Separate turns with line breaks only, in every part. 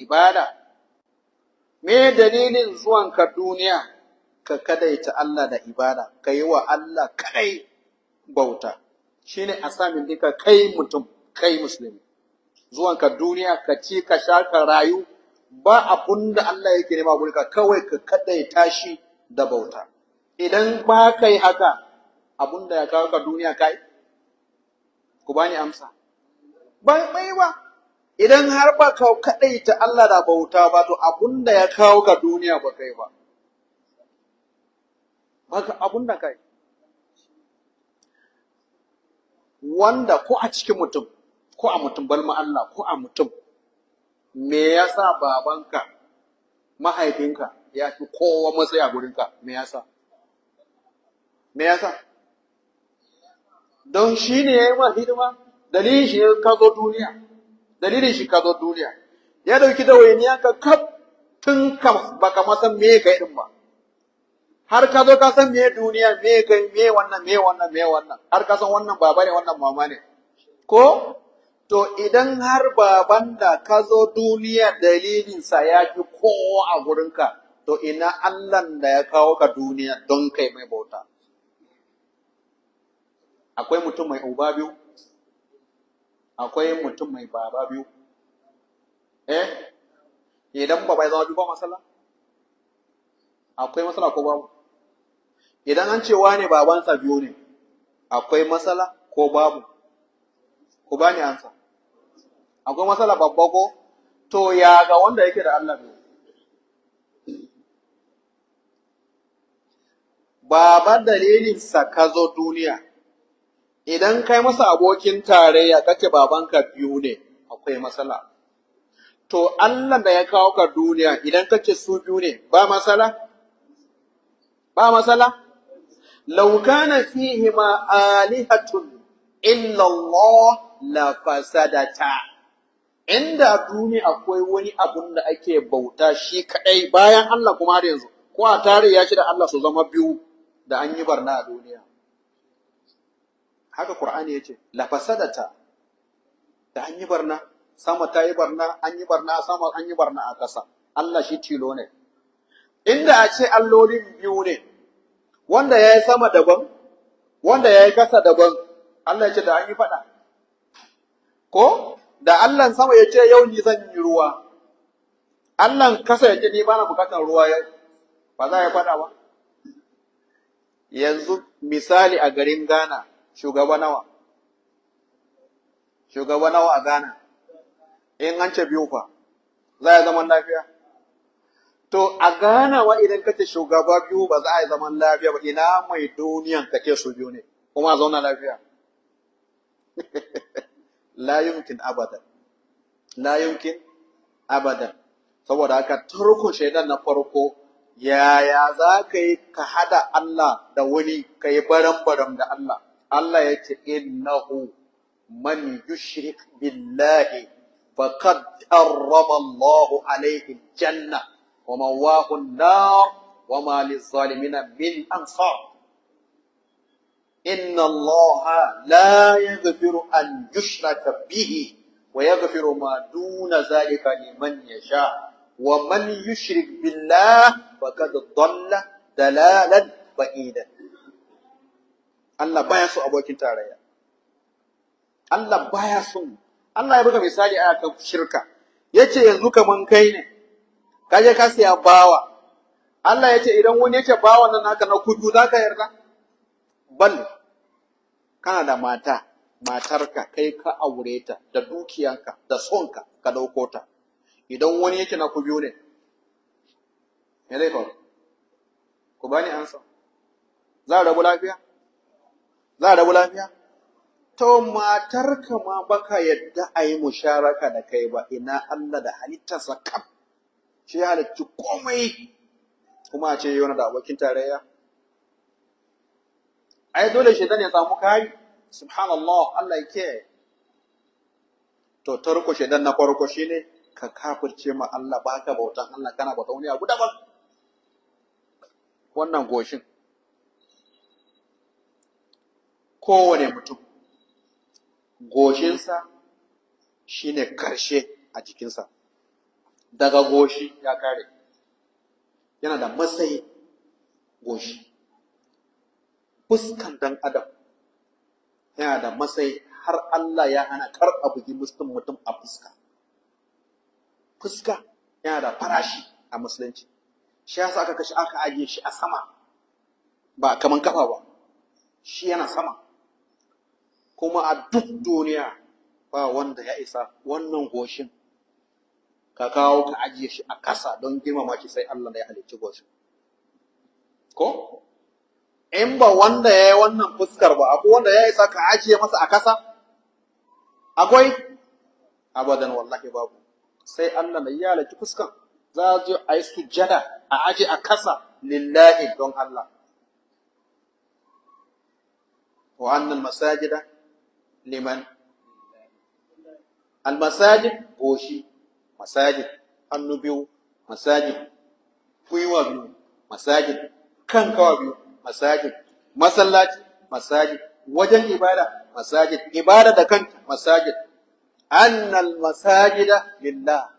ibada me dalilin zuwanka duniya ka kadaita Allah da ibada ka yi wa Allah kai bauta shine asamin dinka kai mutum kai musulmi zuwanka duniya ka ci ka sha ka rayu ba abun da Allah yake nema gurka kawai ka kadaita shi da bauta idan ba kai haka abun da ya kawo ka duniya kai ku bani amsa ban ba. idan har ba ka kadai ta Allah da bauta ba to abunda ya kawo ka duniya ba kai ba baka abunda kai wanda ko a cikin mutum ko a mutum balma Allah ko a mutum me yasa babanka mahaifinka ya fi kowa matsayi a gurinka me yasa me yasa don ya yi ma hidima dalilin shi ka zo duniya dalilin shi ka zo duniya ya dauki dawainiya ka kaf tun ka baka ma san me kai din ba har ka zo ka san me duniya me kai me wannan me wannan me wannan har ka san wannan baba ne wannan mama ne ko to idan har baban da ka zo duniya dalilinsa ya fi kowa a gurin ka, to ina Allah da ya kawo ka duniya don kai mai bauta akwai mutum mai uba biyu akwai mutum mai baba biyu eh idan baba ya zama biyu ba masala akwai masala ko babu idan an ce wane babansa biyu ne akwai masala ko babu ku ba ni ansa akwai masala babba ko to ya ga wanda yake da Allah biyu baba dalilinsa ka zo duniya idan kai masa abokin tarayya kake babanka biyu ne akwai matsala to Allah da ya kawo ka duniya idan kake su biyu ne ba matsala ba matsala law kana ma alihatun illa Allah la fasadata inda duniya akwai wani abun da ake bauta shi kadai bayan Allah kuma har yanzu ko a tarayya shi da Allah su zama biyu da an yi barna a duniya haka Qur'ani yace la fasadata da an yi barna sama ta yi barna an yi barna a sama an yi barna a ƙasa Allah shi tilo ne inda a ce allolin biyu ne wanda ya yi sama daban wanda ya yi ƙasa daban Allah ya ce da an yi faɗa ko da Allah sama ya ce yau ni zan yi ruwa Allahn ƙasa ya ce ni ba na bukatar ruwa ya ba za ya faɗa ba yanzu misali a garin Ghana shugaba nawa shugaba nawa a Ghana in an ce biyu fa za a zaman lafiya to a Ghana wa idan kace shugaba biyu ba za a yi zaman lafiya ba ina mai duniyan kake su biyu ne kuma zauna lafiya la yumkin abadan la yumkin abada saboda haka turkun shaidan na farko yaya za ka yi ka hada Allah da wani ka yi baram-baram da Allah الله يتي إنه من يشرك بالله فقد حرم الله عليه الجنة ومواه النار وما للظالمين من أنصار إن الله لا يغفر أن يشرك به ويغفر ما دون ذلك لمن يشاء ومن يشرك بالله فقد ضل دلالا بعيدا Allah baya so abokin tarayya Allah baya son Allah ya buga misali a kan shirka yace yanzu kaman kai ne kaje ka siya bawa Allah yace idan wani yace bawa nan haka na kudu zaka yarda bal kana da mata matarka kai ka aure ta da dukiyanka da sonka ka dauko ta idan wani yake na ku ne me zai faru ku bani ansa za a rabu lafiya za a rabu lafiya to matarka ma baka yadda a yi musharaka da kai ba ina Allah da halittarsa kaf shi ya halicci komai kuma a ce yi wani da abokin tarayya ai dole shi ya samu kai subhanallah Allah ya ke. to tarko shi na farko ne? ka kafirce ma Allah baka bautan Allah kana bautan wani abu daban wannan goshin kowane mutum goshinsa shine karshe a jikinsa daga goshi ya kare yana da matsayi goshi fuskan dan adam yana da matsayi har Allah ya hana kar a bugi mutum a fuska fuska yana da farashi a musulunci shi yasa aka kashi aka ajiye shi a sama ba kaman kafa ba shi yana sama kuma a duk duniya ba wanda ya isa wannan goshin ka kawo ka ajiye shi a ƙasa don girmama shi sai Allah ya halicci goshin ko in ba wanda ya yi wannan fuskar ba akwai wanda ya isa ka ajiye masa a ƙasa akwai abadan wallahi babu sai Allah ya halicci fuskan za a a yi sujada a aje a ƙasa lillahi don Allah wa'annan annal masajida liman almasajid goshi masajid hannu biyu masajid gwiwa biyu masajid kan kawa biyu masajid masallaci masajid wajen ibada masajid ibada da kanta masajid annal masajida lillah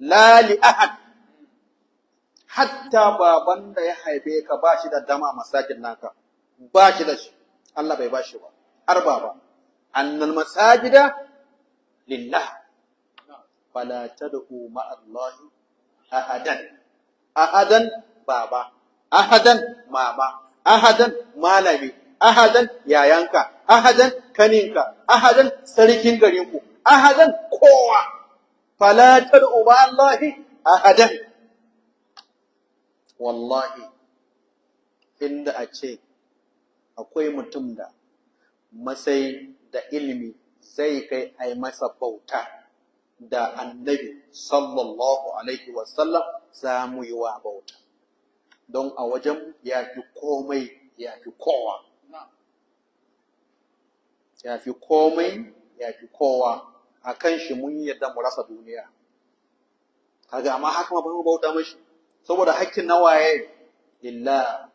la li ahad hatta baban da ya haife ka ba da dama masajid naka ba shi da shi Allah bai bashi ba arba ba annal masajida lillah fala tad'u ma'allahi ahadan ahadan baba ahadan mama ahadan malami ahadan yayanka ahadan kaninka ahadan sarkin garinku ahadan kowa fala tad'u ma'allahi ahadan wallahi inda ace akwai mutum da matsayi da ilimi zai kai ai masa bauta da annabi sallallahu alaihi wasallam za mu yi wa bauta don a wajen ya fi komai ya fi kowa ya fi komai ya fi kowa a kan shi mun yadda mu rasa duniya kaga amma haka ma ba bauta mashi saboda hakkin nawaye lillah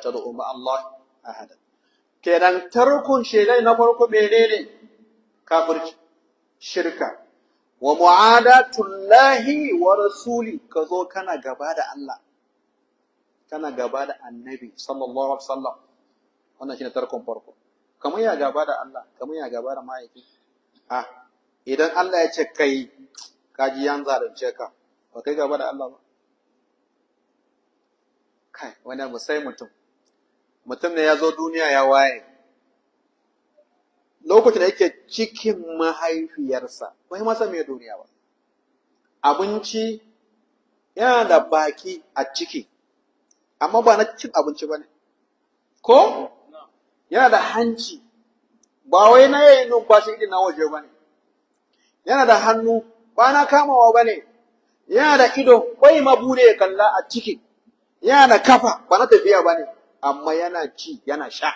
ta da ma Allah ahada kenan tarkun shegai na farko menene kafirci shirka wa mu'adatullahi wa rasuli ka zo kana gaba da Allah kana gaba da annabi sallallahu alaihi wasallam wannan shine tarkon farko kamar ya gaba da Allah kamar ya gaba da mai a idan Allah ya ce kai kaji yan zalunce ka ba kai gaba da Allah ba kai wani musai mutum mutum ne ya zo duniya ya waye lokacin da yake cikin mahaifiyarsa mai masa mai duniya ba abinci yana da baki a ciki amma ba na cin abinci ba ne ko yana da hanci ba wai na yayin numfashi idin na waje ba ne yana da hannu ba na kamawa ba ne yana da ido Kwai mabude ya kalla a ciki yana da kafa ba na tafiya ba ne amma yana ci yana sha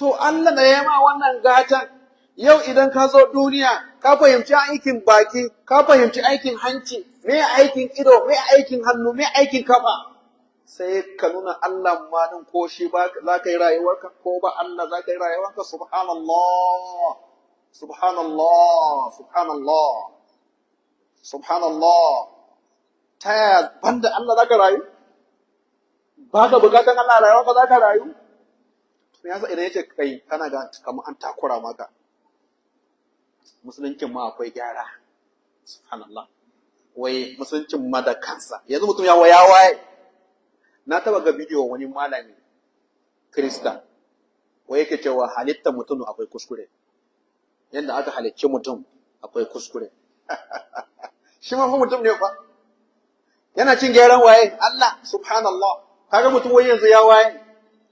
to Allah da ya ma wannan gatan yau idan ka zo duniya ka fahimci aikin baki ka fahimci aikin hanci me aikin ido me aikin hannu me aikin kafa sai ka nuna Allah ma din ko shi ba za ka yi rayuwarka ko ba Allah za ka yi rayuwarka subhanallah subhanallah subhanallah subhanallah ta yaya banda Allah za ka rayu ba ka bukatan Allah rayuwa ba za ka rayu sai yasa idan yake kai kana ga kamar an takura maka musuluncin ma akwai gyara subhanallah wai musuluncin ma da kansa yanzu mutum ya waya waye na taba ga bidiyo wani malami krista wai yake cewa halitta mutum akwai kuskure yadda aka halicci mutum akwai kuskure shi ma mutum ne fa yana cin gyaran waye Allah subhanallah kaga mutum wai yanzu ya waye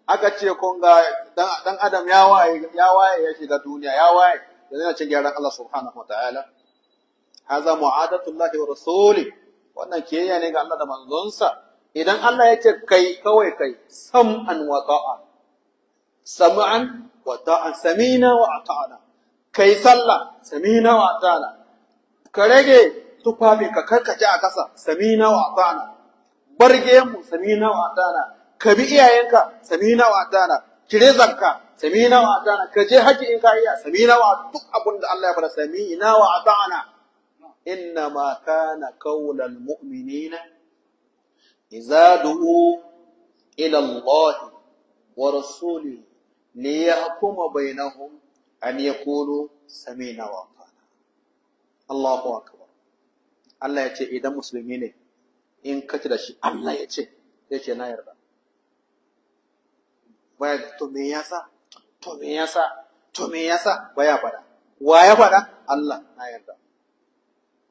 aka ce kun ga dan adam ya waye ya waye ya shiga duniya ya waye yanzu yana cin gyaran Allah subhanahu wa ta'ala haza mu'adatullahi wa rasuli wannan kiyayya ne ga Allah da manzonsa idan Allah ya ce kai kawai kai sam'an wa ta'a sam'an wa ta'a samina wa ata'ana kai sallah samina wa ata'ana ka rage tufafi ka karkace a kasa samina wa ata'ana Bar gemu samina wa atana ka bi iyayenka samina wa atana kire zakka samina wa atana ka je haji in ka iya samina wa duk abin da Allah ya fara samina wa atana inna ma kana qawlal mu'minina idza du'u ila Allah wa rasulihi ليحكم بينهم أن يقولوا سمينا وأطعنا Allahu akbar Allah ya ce idan musulmi ne in ka da shi Allah ya ce ya ce na yarda baya to me yasa to me yasa to me yasa baya fada wa ya fada Allah na yarda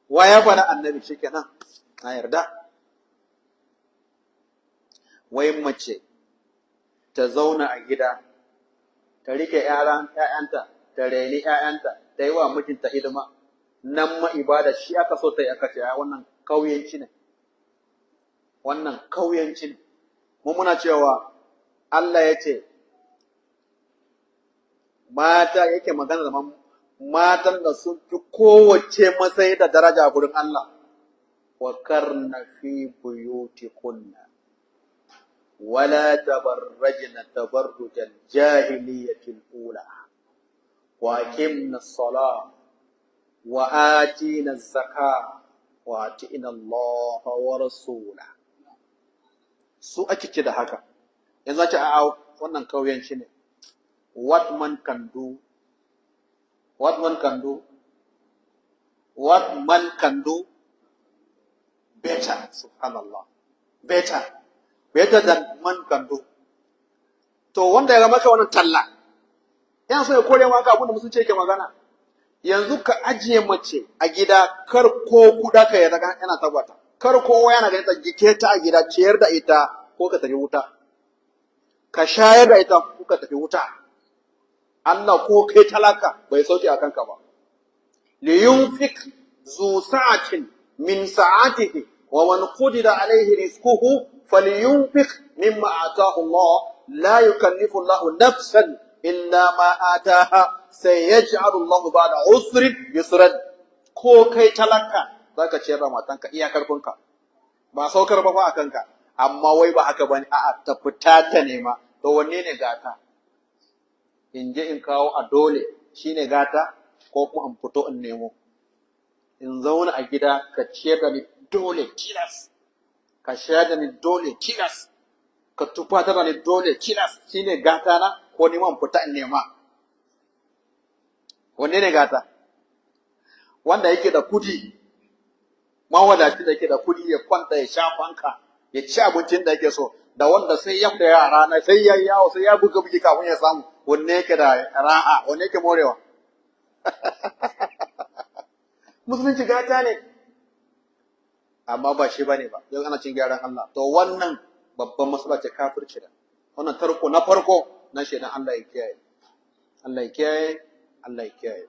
wa ya fada annabi shikenan na yarda wai mace ta zauna a gida ta rike ‘ya'yanta, ta reni ‘ya'yanta, ta yi wa mijinta hidima, nan ma ibada shi aka so ta yi aka ce, wannan kauyenci ne, wannan kauyancin mu muna cewa Allah ya ce mata yake magana da matan da sun fi kowace matsayi da daraja gurin Allah wa karna fi Wala buyutikunna ولا تبرجن تبرج الجاهلية الأولى وأقمنا الصلاة wa الزكاة وأطعنا الله suna. su ake ce da haka yanzu za ki a'a wannan shi ne what man can do what man can do what man can do better subhanallah better better than man can do to wanda ya maka wannan talla yan so ya kore maka abin da musulunci yake magana yanzu ka ajiye mace a gida kar ko kuda ka ya daga yana tabbata kar kowa yana ganin ta jike ta a gida ciyar da ita ko ka tafi wuta ka shayar da ita ko ka tafi wuta Allah ko kai talaka bai sauke a kanka ba li yunfik zu sa'atin min sa'atihi wa man qudira alayhi rizquhu falyunfik mimma ataahu Allah la yukallifu Allah nafsan illa ma ataaha sayaj'alu Allah ba'da usrin yusran ko kai talaka za ka ciyar da matanka iya karfinka ba saukar ba fa a kanka amma wai ba haka bane a'a ta fita ta nema to wanne ne gata in je in kawo a dole shine gata ko kuma in fito in nemo in zauna a gida ka ciyar da ni dole tilas ka shayar da ni dole tilas ka tufatar da ni dole tilas shine gata na ko neman fita in nema wanne ne gata wanda yake da kudi mawadaci da ke da kuɗi ya kwanta ya sha fanka ya ci abincin da yake so da wanda sai ya fita yara na sai ya yawo sai ya buga buga kafin ya samu wanne yake da ra'a wanne yake morewa musulunci gata ne amma ba shi bane ba yau ana cin gyaran Allah to wannan babban matsala ce kafirci da wannan tarko na farko na shaidan Allah ya kiyaye Allah ya kiyaye Allah ya kiyaye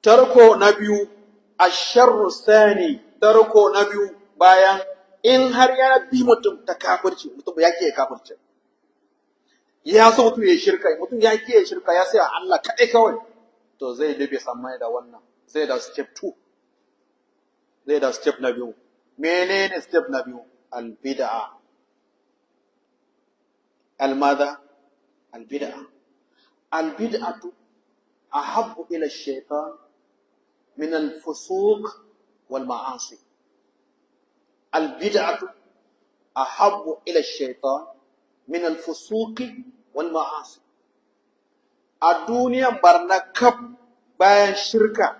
tarko na biyu asharru sani tarko na biyu bayan in har ya bi mutum ta kafirci mutum ya ke kafirci ya so mutum ya shirka mutum ya ke shirka ya sai Allah kaɗai kawai to zai dabe samai da wannan zai da step 2 zai da step na biyu menene step na biyu Al al albid'a almada albid'a albid'atu ahabbu ila shaytan من الفسوق والمعاصي البدعة أحب إلى الشيطان من الفسوق والمعاصي الدنيا برنكب bayan shirka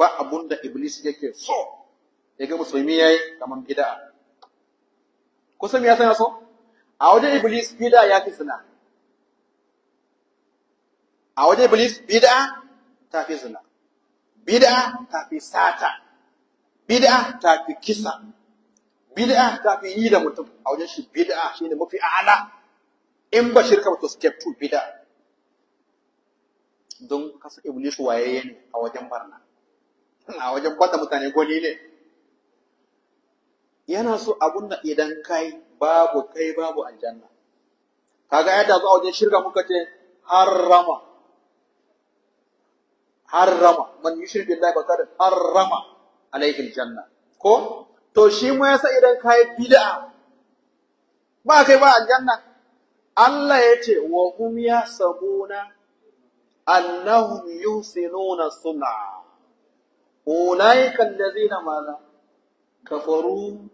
ba abun da iblis yake so ya ga musulmi yayi kamar bid'a kusan ya sana so a wajen iblis bid'a ya fi zina a wajen iblis bid'a ta fi zina bid'a ta fi sata bid'a ta fi kisa bid'a ta fi yi da mutum a wajen shi bid'a shine mafi ala, in ba shirka ba to step 2 bid'a don kasa iblis wayayye ne a wajen barna a wajen bada mutane gwani ne yana so abun da idan kai babu kai babu aljanna kaga yadda zuwa wajen shirka muka ce harrama harrama man yushrik billahi faqad harrama alaihi aljanna ko to shi mu yasa idan kai bid'a ba kai ba aljanna Allah ya ce wa hum yasabuna annahum yusinuna sun'a ulaika allazina maza kafaru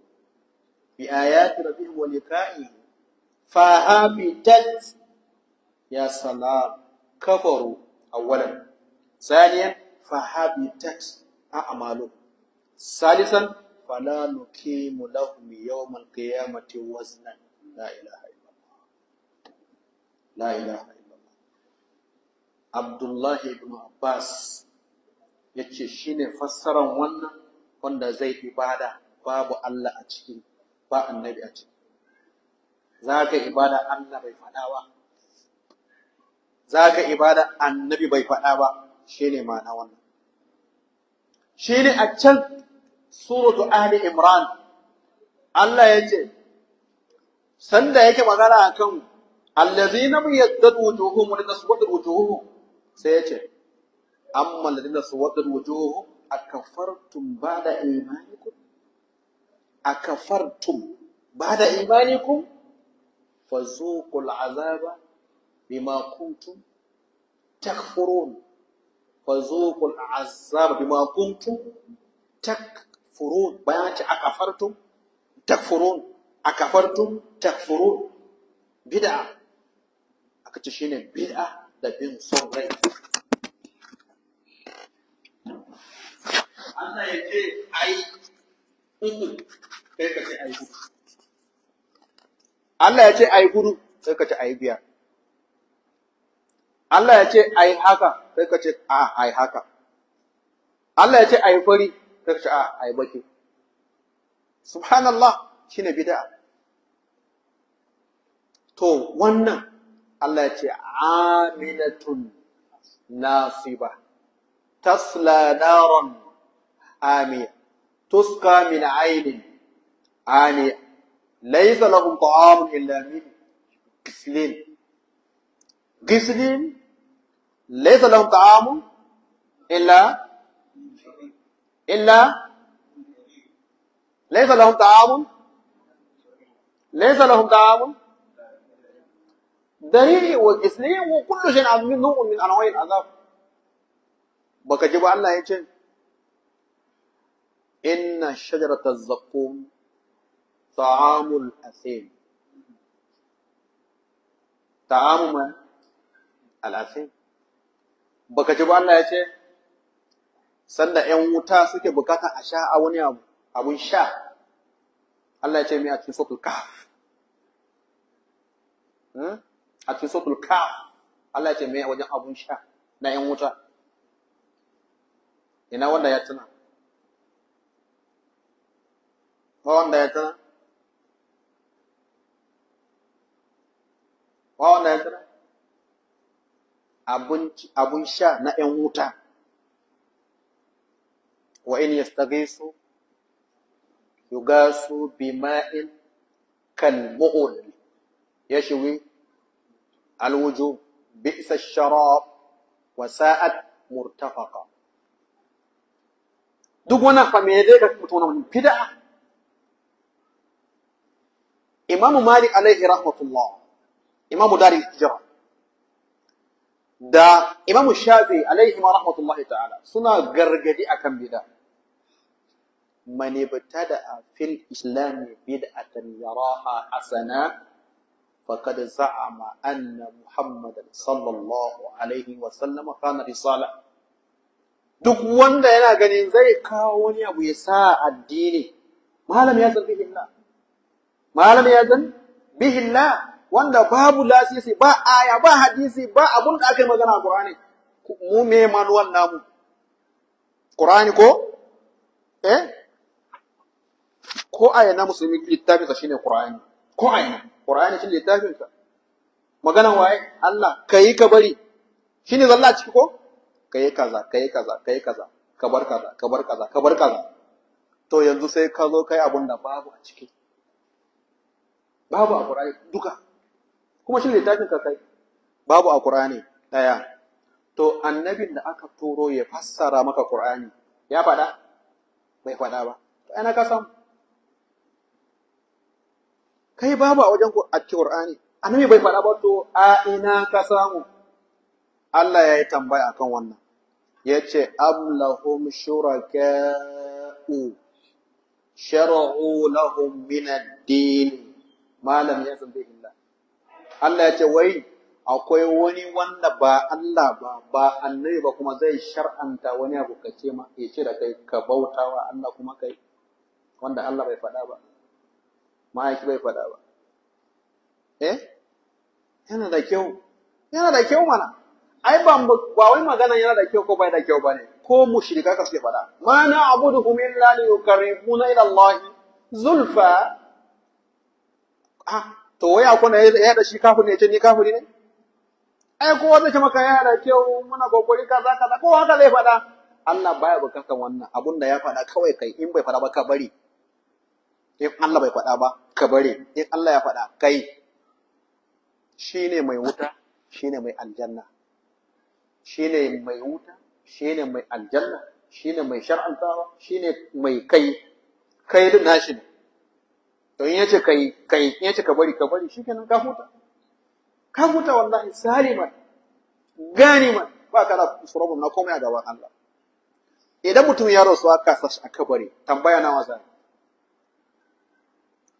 bi ayati rabbihim wa liqa'ihi fa ya salam kafaru awwalan ثانيا فهبطت أعماله ثالثا فلا نقيم لهم يوم القيامة وزنا لا إله إلا الله لا إله إلا الله عبد الله بن عباس yace shine fassaran wannan wanda zai ibada babu Allah a ciki ba annabi a ciki za ka ibada Allah bai faɗa ba za annabi bai faɗa ba shi ne ma'ana wannan shi ne a can suratu ahli imran Allah ya ce sanda yake magana a kan akan allazina yaddadu wujuhum wa taswaddu wujuhum sai ya ce amma da allazina taswaddu wujuhum akafartum ba'da imanikum akafartum ba'da imanikum fazuqul azaba bima kuntum takfurun fazuqul azab bima kuntum takfurun bayan ce akafartum takfurun akafartum takfurun bid'a aka ce shine bid'a da bin son rai Allah ya ce ai uku sai ka ce ai gudu Allah ya ce ai gudu sai ka ce ai biya Allah ya ce ai haka sai ka ce a ai haka Allah ya ce ai fari sai ka ce a ai baki subhanallah shine bid'a to wannan Allah ya ce aminatun nasiba tasla naran amiya tuska min عين عانية laysa lahum ta'amun illa min غسلين غسلين ليس لهم طعام إلا إلا ليس لهم طعام ليس لهم طعام دليل والإسلام وكل شيء عظيم نوع من أنواع العذاب بكجب الله يجي إن شجرة الزقوم طعام الأثيم طعام الأثيم baka ji ba Allah ya ce sanda ƴan wuta suke bukata a sha a wani abu abun sha Allah ya ce mai a cikin suratul kaf hmm? a cikin suratul kaf Allah ya ce mai wajen abun sha na ƴan wuta ina wanda ya tuna ba wanda ya tuna ba wanda ya tuna abun sha na ‘yan wuta, wa in yastagisu yugasu bima'in kalmu'ul ya shiwi alwujo bi'sa sharab wa sa'at murtafaqa Duk wannan fa me dai ga mutum wannan bid'a Imam Malik alaihi rahmatullah Imam dari Hijra da imamu shafi alaihi ma rahmatullahi ta'ala suna gargadi akan bid'a man ibtada fil islam bid'atan yaraha hasana faqad za'ama anna muhammadan sallallahu alaihi wa sallam kana risala duk wanda yana ganin zai kawo wani abu ya sa addini malam ya san bihi malam ya san bihi wanda babu lasisi ba aya ba hadisi ba abun da aka yi magana a Qur'ani mu me manuwan namu Qur'ani ko eh ko aya na musulmi littafin sa shine Qur'ani ko aya Qur'ani shine littafin sa maganan waye Allah kai ka bari shine zalla ciki ko kai kaza kai kaza kai kaza ka bar kaza ka bar kaza ka bar kaza to yanzu sai ka zo kai abun da babu a ciki babu a Qur'ani duka kuma shi littafin ka kai babu a Qur'ani ɗaya. to annabin da aka turo ya fassara maka Qur'ani ya faɗa bai faɗa ba to ana ka samu kai babu a wajen a Qur'ani annabi bai faɗa ba to a ina ka samu Allah ya yi tambaya akan wannan ya ce am lahum shuraka'u shar'u lahum min ad-din ma lam Allah ya ce wai akwai wani wanda ba Allah ba ba annabi ba kuma zai shar'anta wani abu ka ce ma ya ce da kai ka bautawa Allah kuma kai wanda Allah bai faɗa ba ma'aiki bai faɗa ba eh yana da kyau yana da kyau mana ai ba wai magana yana da kyau ko bai da kyau bane ko mushrika ka suke faɗa ma na abuduhum illa li ila Allah zulfa ah to wai akwai na ya da shi kafu ne ce ni kafu ne ai kowa zai ce maka ya da kyau muna kokari kaza kaza ko haka zai faɗa Allah baya bukatan wannan abun da ya faɗa kawai kai in bai faɗa ba ka bari in Allah bai faɗa ba ka bari in Allah ya faɗa kai shine mai wuta shine mai aljanna shine mai wuta shine mai aljanna shine mai shar'antawa shine mai kai kai din nashi ne to in yace kai kai in yace ka bari ka bari shikenan ka huta ka huta wallahi saliman ganiman ba kana surabu na komai a gaban Allah idan mutum ya rasu aka sashi a bari tambaya nawa zai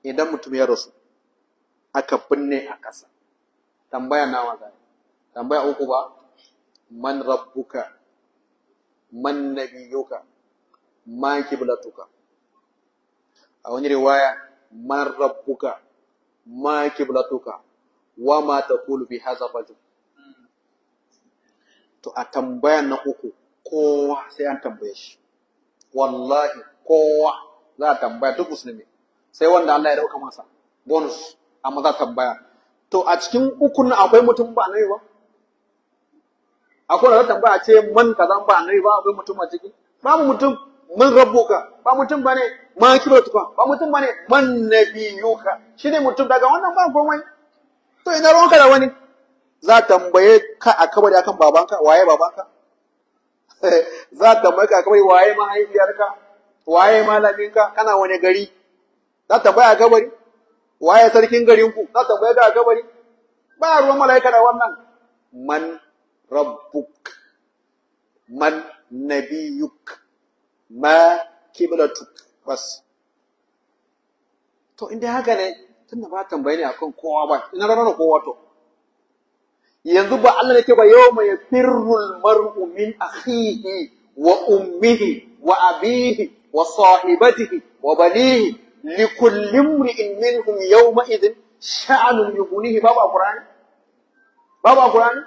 idan mutum ya rasu aka binne a kasa tambaya nawa zai tambaya uku ba man rabbuka man nabiyuka ma kiblatuka a wani riwaya man rabbuka ma kiblatuka wa ma taqulu bi hadha rajul to a tambayan na uku kowa sai an tambaye shi wallahi kowa za a tambaya duk musulmi sai wanda Allah ya dauka masa bonus amma za tambaya to a cikin ukun akwai mutum ba nai ba akwai wanda tambaya ce man kaza ba nai ba akwai mutum a ciki babu mutum mun rabbuka ba mutum bane ma kiro tukwa ba mutum bane man nabiyuka shine mutum daga wannan ba komai to ina ruwanka da wani za tambaye ka a kabari akan babanka waye babanka za tambaye ka a kabari waye mahaifiyarka waye malaminka kana wani gari za tambaya a kabari waye sarkin garinku za tambaye ka a kabari ba ruwan mala'ika da wannan man rabbuk man nabiyuk ma kiblatuk bas to in haka ne tun da ba tambaye ne akan kowa ba ina rana kowa to yanzu ba Allah ne ke ba yau mai firrul mar'u min akhihi wa ummihi wa abihi wa sahibatihi wa banihi li kulli imri'in minhum yawma idhin sha'anun yughnihi babu alqur'ani babu alqur'ani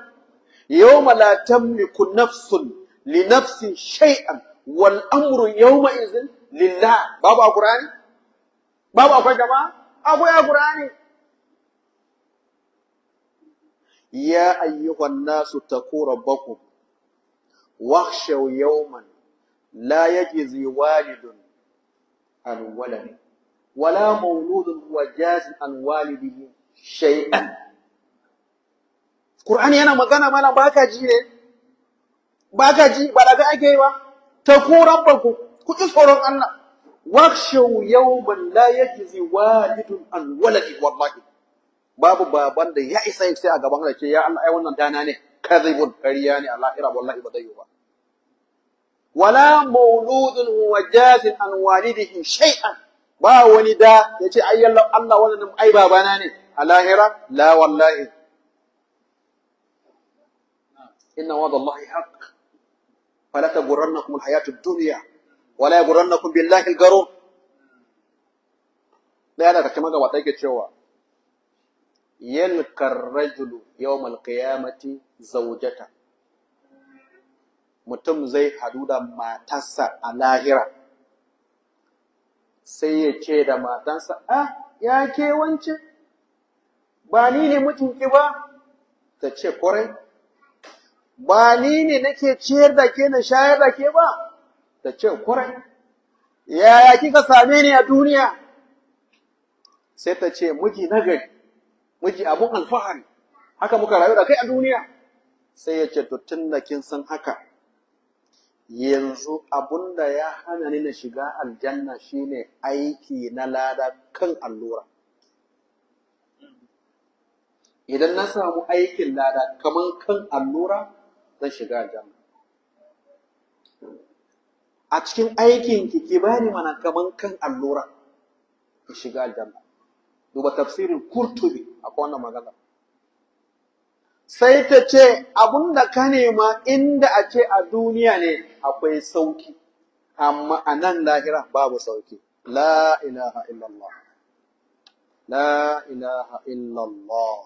yawma la tamliku nafsun li nafsin shay'an wal amru yawma idhin lillah babu alqur'ani babu akwai jama'a akwai alqur'ani ya ayyuhan nasu taqu rabbakum wakhshaw yawman la yajzi walidun an waladi wala mawludun huwa jazin an walidihi shay'an Qur'ani yana magana mana baka ji ne baka ji ba daga ake yi ba taqu rabbakum ku ji tsoron Allah wakshaw yawman la yajzi walidun an waladi wallahi babu baban da ya isa sai a gaban Allah ce ya Allah ai wannan dana ne kadhibun kariya ne a lahira wallahi ba zai yi ba wala mauludun huwa jazin an walidihi shay'an ba wani da yace ai Allah wannan ai babana ne a lahira la wallahi inna wa'dallahi haqq fala taghurrannakum alhayatud dunya wala ya yaghrannakum billahi garo da yana daga cikin wata yake cewa yalkar karrajulu yawmal qiyamati zawjata mutum zai hadu da matarsa a lahira sai ya ce da matansa ah ya ke wancin ba ni ne mutunki ba ta ce kwarai ba ni ne nake ciyar da ke na shayar da ke ba da ce kurai yaya kika same ni a duniya sai ta ce miji gari, miji abun alfahari haka muka rayu da kai a duniya sai ya ce to tunda kin san haka yanzu abun da ya hana ni na shiga aljanna shine aiki na lada kan allura idan na samu aikin lada kaman kan allura zan shiga aljanna a cikin aikin ki ki bani mana kaman kan allura ki shiga aljanna duba tafsirin kurtubi a wannan magana sai ta ce da ka nema inda a ce a duniya ne akwai sauki amma a nan lahira babu sauki la ilaha illallah la ilaha illallah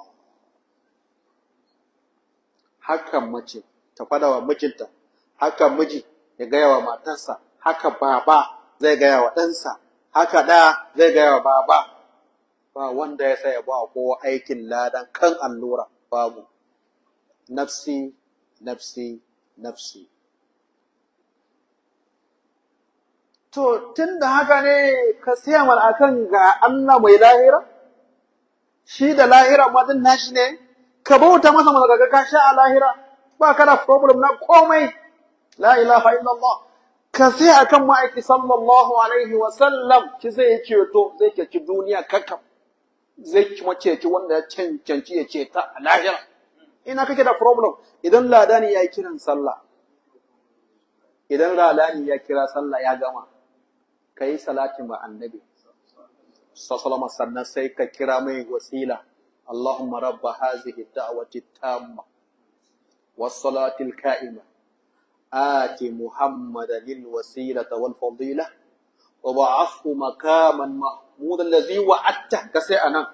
hakan mace ta fada wa mijinta hakan miji ya gaya wa matarsa haka baba zai gaya wa ɗansa haka ɗa zai gaya wa baba ba wanda ya saya ba kowa aikin ladan kan allura babu nafsi nafsi nafsi to tun da haka ne ka saya mal akan ga Allah mai lahira shi da lahira ma nashi ne ka bauta masa malaka ka sha a lahira ba ka da problem na komai la ilaha illallah ka sai akan ma'aiki sallallahu alaihi wa ki zai ceto zai ceci duniya kakam zai kuma wanda ya cancanci ya ceta a lahira ina kake da problem idan ladani ya yi kiran sallah idan ladani ya kira sallah ya gama ka yi salatin ba annabi sallallahu sannan sai ka kira mai wasila Allahumma rabba hazihi da'wati tamma آت محمدا الوسيلة والفضيلة وبعثه مكاما محمودا الذي وعدته كسيئنا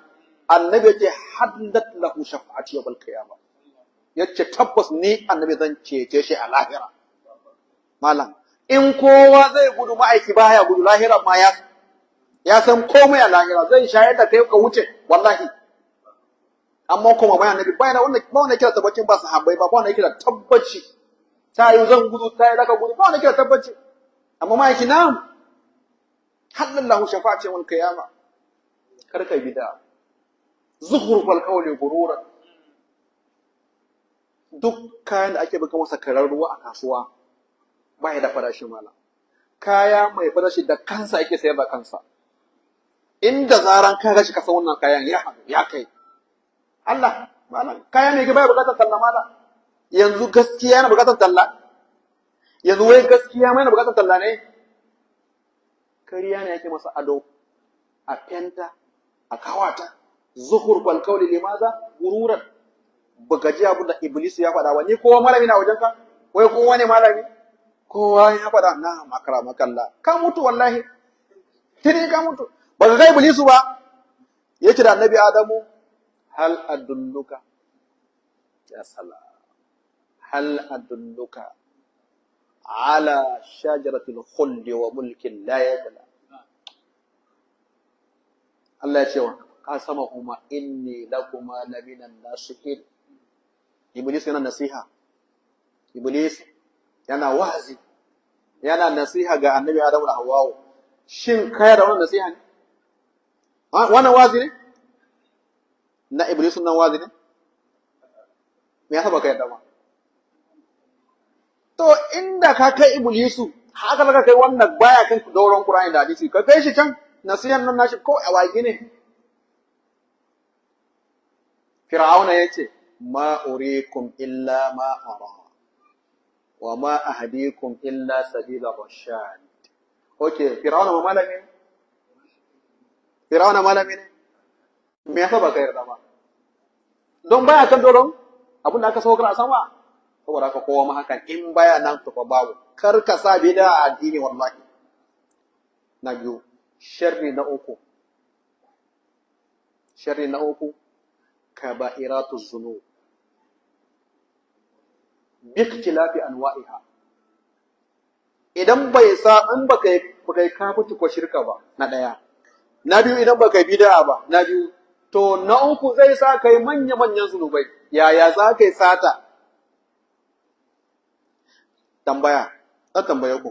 النبي تحدث له شفاعتي يوم القيامة yace tabbas ni annabi zan cece shi a lahira malam in kowa zai gudu ma'aiki baya gudu lahira ma ya san komai a lahira zai shayar da kai ka wuce wallahi amma kuma bayan annabi bayan wannan ba wannan kira tabbacin ba ba ba kira tabbaci ta yi zan gudu ta yi daga gudu ba wani kira tabbaci amma ma yake na'am halallahu shafa ce wani kayama kar ka bida zuhur wal gurura duk kayan da ake baka masa karar ruwa a kasuwa ba ya da farashi mala kaya mai farashi da kansa ake sayar da kansa inda zaran ka ka kasa wannan kayan ya ya kai Allah malam kaya mai gaba ya bukatar sallama da yanzu gaskiya yana bukatar talla yanzu wai gaskiya mai yana bukatar talla ne kariya ne yake masa ado a fenta a kawata zuhur wal limaza gururar bugaji abu da iblis ya faɗa wa ni kowa malami na wajenka wai kowa ne malami kowa ya faɗa na makara makalla ka mutu wallahi tiri ka mutu ba ka ga iblisu ba yace da annabi adamu hal adulluka ya salam هل أدلك على شجرة الخلد وملك لا يبلى الله يشوى قسمهما إني لكما لمن الناصحين إبليس yana nasiha Iblis yana wa'azi yana nasiha ga Annabi Adamu da Hawwa shin kai da wannan nasiha ne wannan wazi ne na nan wazi ne me yasa baka to inda ka kai iblisu haka baka kai wannan baya kan dauron qur'ani da hadisi ka kai shi can nasiyan nan nashi ko awagi ne fir'auna yace ma urikum illa ma ara wa ma ahdikum illa sabila rashad okay fir'auna malami ne fir'auna malami ne me yasa baka yarda ba don baya kan doron abin da aka saukar a sama saboda haka kowa ma hakan in baya nan to fa babu kar ka sa bid'a a addini wallahi na biyu sharri na uku sharri na uku kaba'iratu zunub bi ikhtilafi anwa'iha idan bai sa an baka baka kafutu ko shirka ba na daya na biyu idan baka bid'a ba na biyu to na uku zai sa kai manya manyan zunubai yaya za kai sata tambaya ta tambaye ku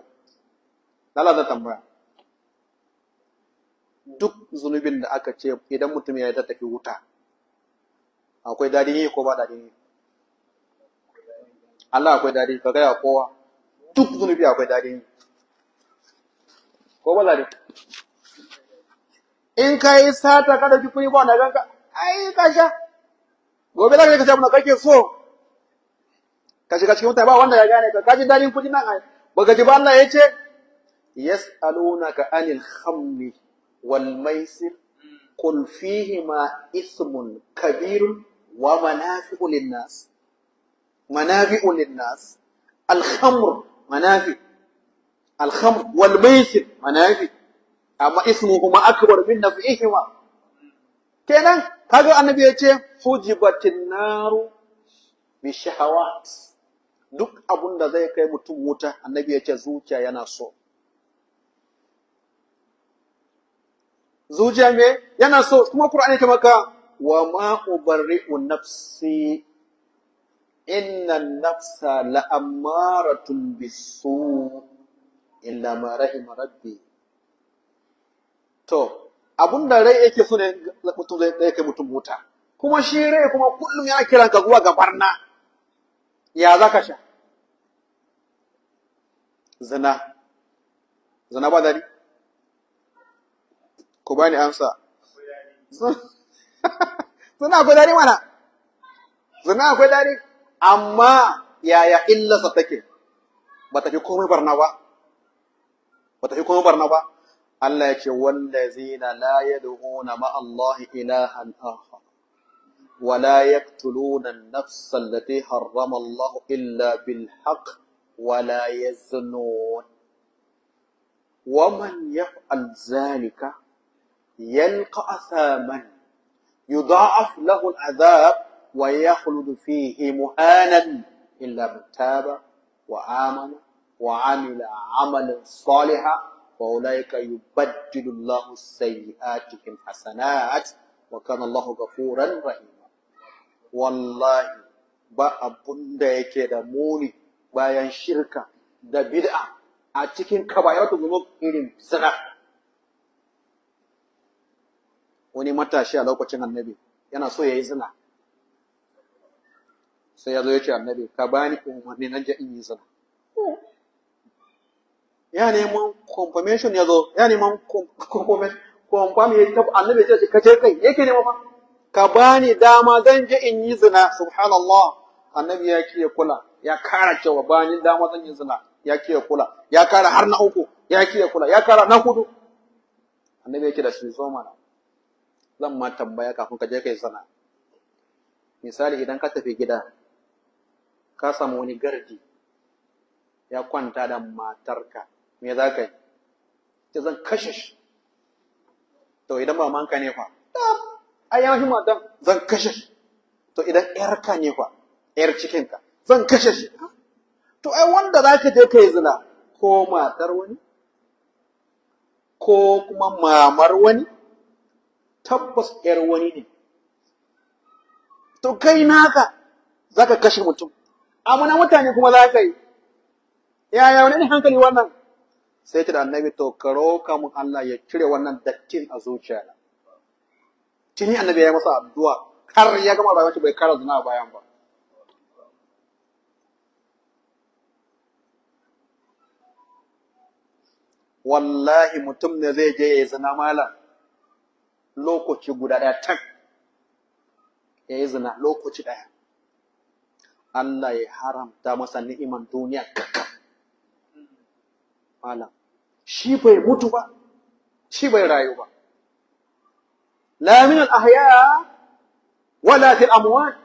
Allah ta tambaya duk zunubin da aka ce idan mutum ya ta tafi wuta akwai dadin yi ko ba dadin yi Allah akwai dadi ka gaya kowa duk zunubi akwai dadin yi ko ba dadin in ka yi sata ka dauki kuɗi ba na ganka ai ka sha gobe da ka je ka sha mun kake so ka shiga cikin wuta ba wanda ya gane ka kaji dadin kudi nan ai baka ji ba Allah ya ce yas'alunaka anil khamri wal maisir qul fihima ismun kabirun wa manafi'u linnas manafi'u linnas al khamr manafi al khamr wal maisir manafi amma ismuhuma akbar min naf'ihima kenan kaga annabi ya ce hujibatin naru bi shahawat duk abun da zai kai mutum wuta annabi ya ce zuciya yana so zuciya me yana so kuma qur'ani ke maka wa ma ubarri'u nafsi inna nafsa amaratun bisu illa ma rahima rabbi to abun da rai yake so ne mutum zai kai mutum wuta kuma shi rai kuma kullum yana kiran ka zuwa ga barna ya za ka sha zina zina ba daɗi ku bani amsa zina akwai daɗi mana zina akwai daɗi amma yaya illarsa take ba ta fi komai barna ba ba ta komai barna ba Allah ya ce wanda wallazina la yad'una ma Allah ilahan akhar ولا يقتلون النفس التي حرم الله إلا بالحق ولا يزنون ومن يفعل ذلك يلقى أثاما يضاعف له العذاب ويخلد فيه مهانا إلا من تاب وآمن وعمل عملا صالحا فأولئك يبدل الله سيئاتهم حسنات وكان الله غفورا رحيما wallahi ba abun da yake da muni bayan shirka da bid'a a cikin kabayatu zunub irin zina wani matashi a lokacin annabi yana so ya yi zina sai ya zo ya ce annabi ka bani umarni na je in yi zina ya neman confirmation ya zo ya neman confirmation confirm ya yi annabi ya ce ka je kai yake neman ba ka bani dama zan je in yi zina subhanallah annabi ya kiyaye kula ya kara cewa bani dama zan yi zina ya kiyaye kula ya kara har na uku ya kiyaye kula ya kara na hudu annabi yake da shi zo mana zan ma tambaya kafin ka je kai zina misali idan ka tafi gida ka samu wani gardi ya kwanta da matarka me za ka yi ta zan kashe shi to idan ba manka ne fa ai ya matan zan kashe shi to idan yarka ne fa yar cikinka zan kashe shi to ai wanda za ka je ka yi zina ko matar wani ko kuma mamar wani tabbas yar wani ne to kai naka za ka kashe mutum amma na mutane kuma za ka yi yaya wani hankali wannan sai ta da annabi to karo kamun Allah ya cire wannan dattin a zuciya tuni annabi ya masa addu'a har ya gama rayuwar bai kara zina bayan ba wallahi mutum ne zai je ya yi zina malam lokaci guda ɗaya tak ya yi zina lokaci ɗaya Allah ya haramta masa ni'iman duniya kaka malam shi bai mutu ba shi bai rayu ba la min al-ahya wala fil amwat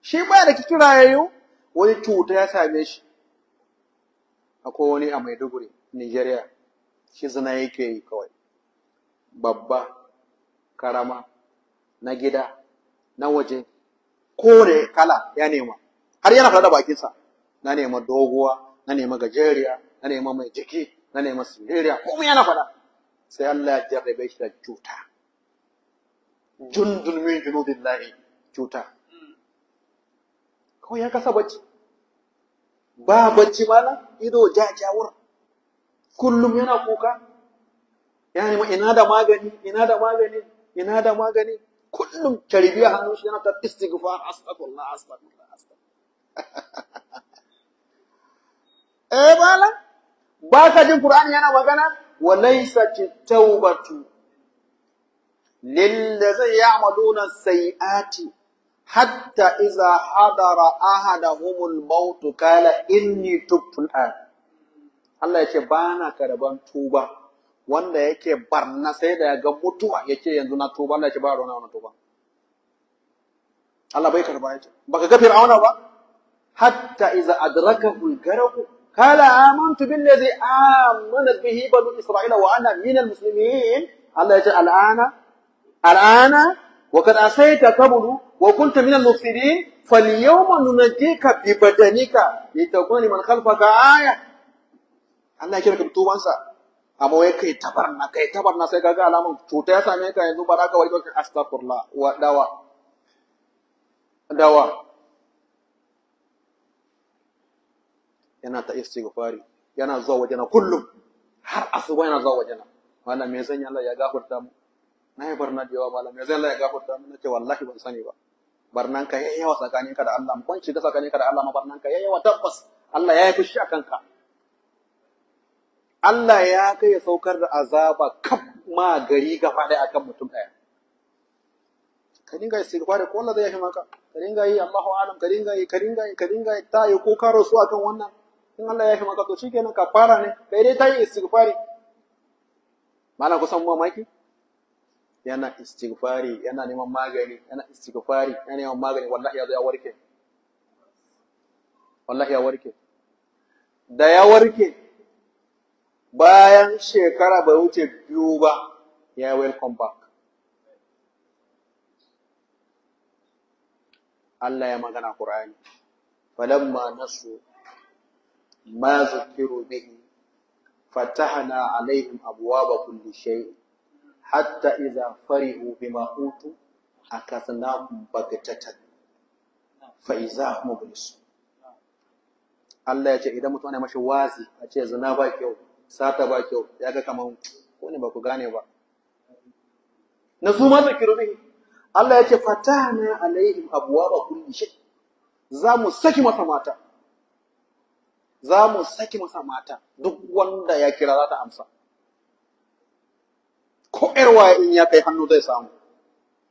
shi ba da kira yayo wani cuta ya same shi akwai wani a Maiduguri Nijeriya. shi zina yake yi kawai babba karama na gida na waje kore kala ya nema har yana fada da bakinsa na nema doguwa na nema gajeriya na nema mai jiki na nema siririya kuma yana fada sai Allah ya jarrabe shi da cuta jundun min lahi cuta kawai ya kasa bacci ba bacci mana ido jajawar kullum yana kuka ya nema ina da magani ina da magani ina da magani kullum tarbiya hannun shi yana ta istighfar astaghfirullah astaghfirullah astaghfirullah eh bala ba ka jin qur'ani yana magana wa laysa tawbatu للذين يعملون السيئات حتى إذا حضر أحدهم الموت قال إني تبت الآن الله يكي بانا كربان توبة wanda yake barna sai da ya ga mutuwa yake yanzu na tuba Allah yake ba ruwa na tuba Allah bai karba yake baka ga fir'auna ba hatta iza adrakahu al-garaku kala amantu billazi amana bihi banu isra'ila wa ana minal muslimin Allah الآن وقد عصيت قبل وكنت من ka. فاليوم ta ببدنك لتكون لمن خلفك آية Allah ya kira ka tubansa amma wai kai tabarna kai tabarna sai kaga alamun. cuta ya same ka yanzu ba za ka warke astaghfirullah wa dawa dawa yana ta istighfari yana zuwa wajena kullum har asuba yana zuwa wajena wannan me sanya Allah ya gafarta mu na yi barna da yawa malam zai Allah ya gafarta min nace wallahi ban sani ba barnan ka yayyawa yawa tsakanin ka da Allah mu kwanci ka tsakanin ka da Allah ma barnan ka yayyawa yawa tabbas Allah ya yi fushi akan ka Allah ya kai ya saukar da azaba kaf ma gari gaba ɗaya akan mutum ɗaya ka dinga istighfar ko Allah zai yi maka ka dinga yi Allahu alam ka dinga yi ka dinga yi ka dinga yi ta yi ko karo su akan wannan in Allah ya yi maka to shikenan ka fara ne kai dai ta yi istighfari mana kusan mamaki yana istighfari yana neman magani yana istighfari yana neman magani wallahi ya zo ya warke wallahi ya warke da ya warke bayan shekara bai wuce biyu ba ya yi welcome back Allah ya magana Qur'ani falamma nasu ma zukiru bihi fatahna alaihim abwaba kulli shay'in hatta idza farihu bima utu akaznahum bagatatan fa idza hum mublisun Allah ya ce idan mutum ana mashi wazi a ce zina ba kyau sata ba kyau ya ga kaman ko ne ba ku gane ba na su ma zakiru bihi Allah ya ce fatana alaihim abwaba kulli shay za mu saki masa mata za mu saki masa mata duk wanda ya kira za ta amsa ko in ya kai hannu zai samu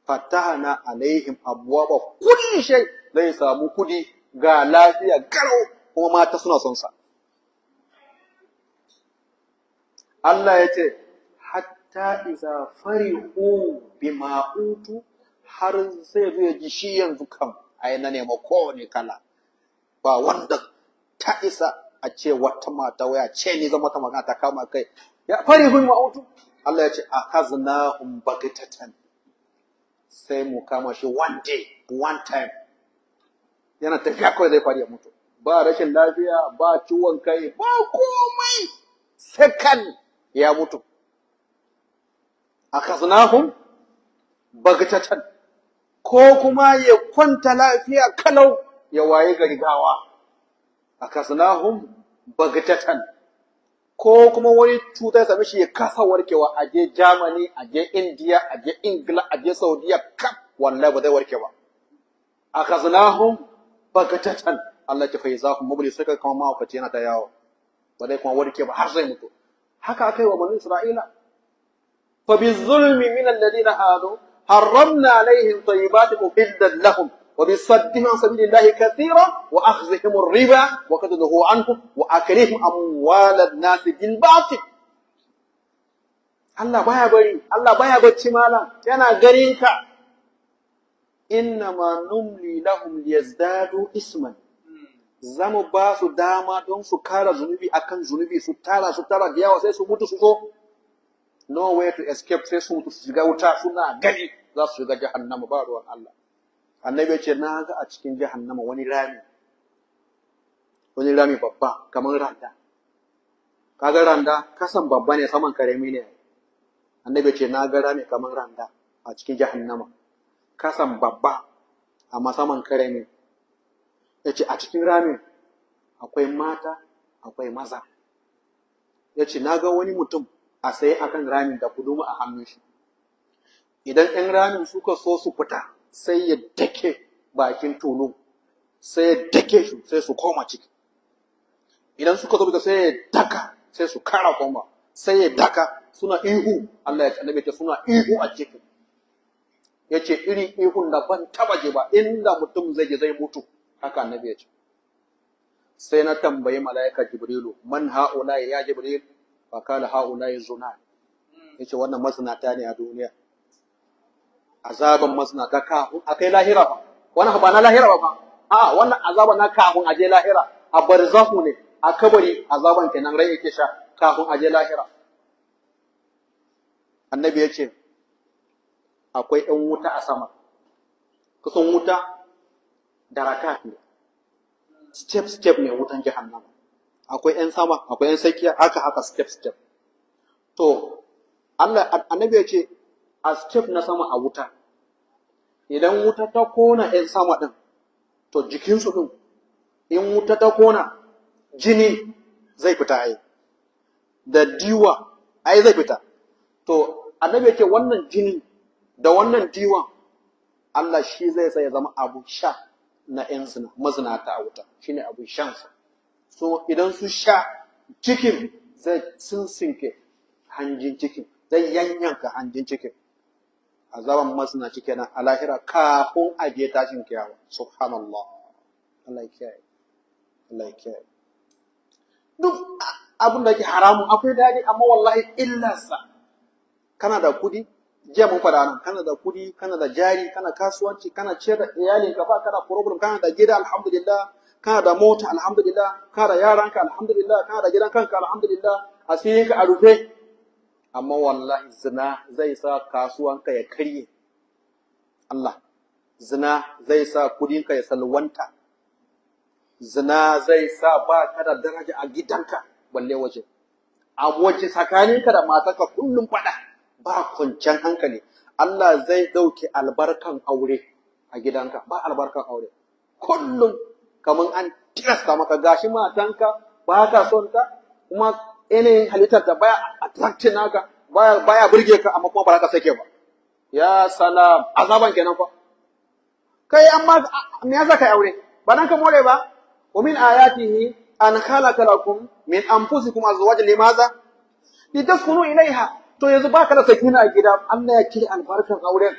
fatahana alaihim abwaba kulli shay zai samu kudi ga lafiya garo kuma mata suna son sa Allah ya ce hatta iza farihu bima utu har zai zo ji shi yanzu kam ai na nema kowane kala ba wanda ta isa a ce wata mata waya ce ni zama ta magana ta kama kai ya farihu bima utu Allah ya ce a akhaznahum baghtatan sai mu kama shi one day one time yana tafiya kawai zai fadi ya mutu ba rashin lafiya ba ciwon kai ba komai second ya mutu A akhaznahum baghtatan ko kuma ya kwanta lafiya kalau ya waye garigawa akhaznahum baghtatan ko kuma wani cuta ya same shi ya kasa warkewa a je Germany a je India a je Ingila a je Saudiya kaf wallahi ba zai warke ba akhaznahum bagatatan Allah ya faiza kuma sai kai kama mahaukaci yana ta yawo ba zai kuma warke ba har zai mutu haka kai wa banu Isra'ila fa bi zulmi min alladhina hadu harramna alaihim tayyibatin uhiddat lahum وبصدهم عن سبيل الله كثيرا وأخذهم الربا وقد نهوا عنه وأكلهم أموال الناس بالباطل Allah baya bari, Allah baya bacci malam, yana garin ka. Inna ma numli lahum liyazdadu isman. Zamu ba su dama don su kara zunubi akan zunubi su tara su tara da yawa sai su mutu su zo. No way to escape sai su wuta suna gani za su shiga jahannama ba ruwan Allah. annabi ya ce na ga a cikin jahannama wani rami wani rami babba kamar randa kaga randa kasan babba ne saman karami ne annabi ya ce na ga rami kamar randa a cikin jahannama kasan babba amma saman karami ya ce a cikin ramin akwai mata akwai maza ya ce na ga wani mutum a saye akan ramin da kuduma a hannun shi idan 'yan ramin suka so su fita sai ya dake bakin tunu sai ya dake shi sai su koma ciki idan suka zo sai ya daka sai su kara koma sai ya daka suna ihu Allah ya annabi ta suna ihu a ciki yace iri ihun da ban taba je ba inda mutum zai je zai mutu haka annabi ya ce sai na tambayi malaika jibrilu man haula ya jibril fa kala haula ya yace wannan ta ne a duniya azaban masna ta kafin akai lahira ba, wannan ba na lahira ba fa a'a wannan azaba na kafin je lahira a barzahu ne a kabari azaban kenan rai yake sha kafin je lahira annabi ya ce akwai ɗan wuta a sama kusan wuta darakat ne step step ne wutan jahannama akwai ƴan sama akwai ƴan sakiya haka haka step step to Allah annabi ya ce a step na sama a wuta idan wuta ta kona ‘yan sama ɗin, to jikinsu ɗin, in wuta ta kona jini zai fita ai, da diwa ai zai fita. To, annabi yake wannan jini da wannan diwa, Allah shi zai tsaya zama abu sha na ‘yan mazina a wuta, shi ne abin shansa. So, idan su sha cikin zai sinsinke hanjin cikin, zai yanyanka hanjin cikin. azaban masnaci kenan a lahira kafin a je tashin kiyama subhanallah Allah ya kiyaye Allah ya kiyaye duk abin da ke haramu akwai daɗi amma wallahi illarsa kana da kudi jiya mun faɗa nan kana da kudi kana da jari kana kasuwanci kana ciyar da iyalin ka ba kana program kana da gida alhamdulillah kana da mota alhamdulillah kana da yaranka alhamdulillah kana da gidan kanka alhamdulillah a asirin ka a rufe amma wallahi zina zai sa kasuwanka ya karye Allah zina zai sa kudinka ya salwanta zina zai sa ba ka da daraja a gidanka balle waje a waje tsakaninka da matarka kullum fada ba kwanciyar hankali Allah zai dauke albarkan aure a gidanka ba albarkan aure kullum kamar an tilasta maka gashi matanka ba ka son ta kuma irin halittar da baya attracting naka baya baya burge ka amma kuma ba ka sake ba ya salam azaban kenan fa kai amma me yasa kai aure ba dan ka more ba wa min ayatihi an khalaqa lakum min anfusikum azwajan limaza litaskunu ilaiha to yanzu baka da sakina a gida Allah ya kire albarkan auren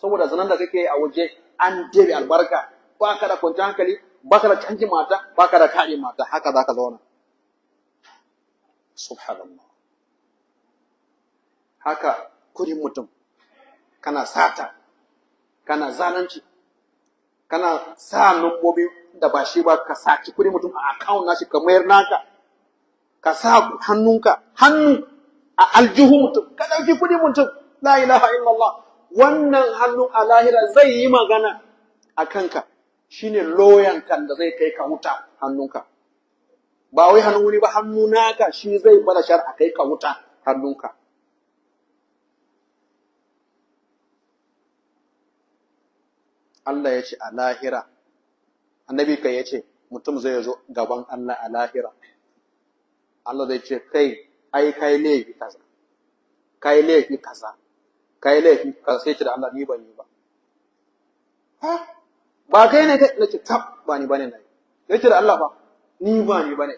saboda zanan da kake a waje an jebe albarka baka da kwanciyar hankali baka da canji mata baka da kare mata haka zaka zauna subhanallah haka kurin mutum kana sata kana zalunci kana sa nubobi da ba shi ba ka saki kuɗin mutum a akawun nashi ka mayar naka ka sa hannunka hannu a aljihu mutum ka dauki kuɗin mutum la ilaha illallah wannan hannu a lahira zai yi magana a kanka shine kan da zai kai ka wuta hannunka ba wai hannu wani ba hannu naka shi zai bada shar a kai ka wuta hannunka Allah ya ce a lahira annabi kai ya ce mutum zai zo gaban Allah a lahira Allah zai ce kai ai kai laifi kaza kai laifi kaza kai laifi kaza sai ce da Allah ni ban yi ba ha ba kai ne kai ce tab ba ni bane nayi yace da Allah ba ni ba ni bane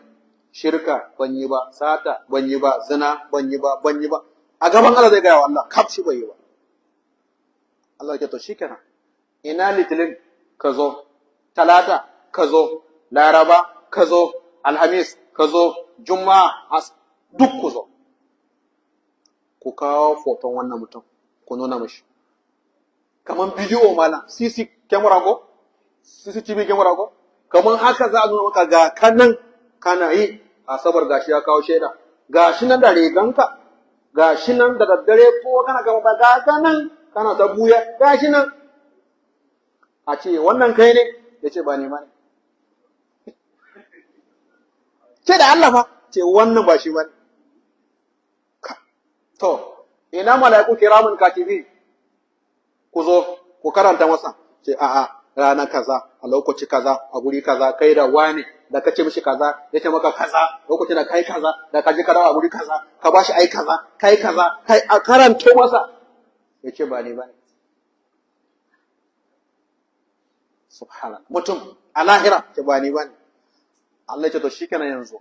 shirka ban yi ba sata ban yi ba zina ban yi ba ban yi ba a gaban Allah zai gaya wa Allah kaf shi ban yi ba Allah ya to shikenan ina litilin ka zo talata ka zo laraba ka zo alhamis ka zo juma'a as duk ku zo ku kawo foton wannan mutum ku nuna mishi kamar bidiyo malam sisi camera ko cctv camera ko kamar haka za a nuna maka ga kanan kana yi asabar gashi ya kawo shaida gashi nan da riganka gashi nan da daddare ko kana gama ba ga kanan kana ta buya gashi nan a ce wannan kai ne ya ce ba ne ma ne ce da Allah fa ce wannan ba shi ba ne to ina mala'iku kiramun katibi ku zo ku karanta masa ce a'a ranar kaza a lokaci kaza a guri kaza kai da wani da ka ce mishi kaza ya ce maka kaza lokacin da kai kaza da ka je kaza a guri kaza ka ba shi ai kaza kai kaza kai a karanto masa ya ce ba ne ba ne subhana mutum a lahira ce ba ne ba ne Allah ya ce to shikenan yanzu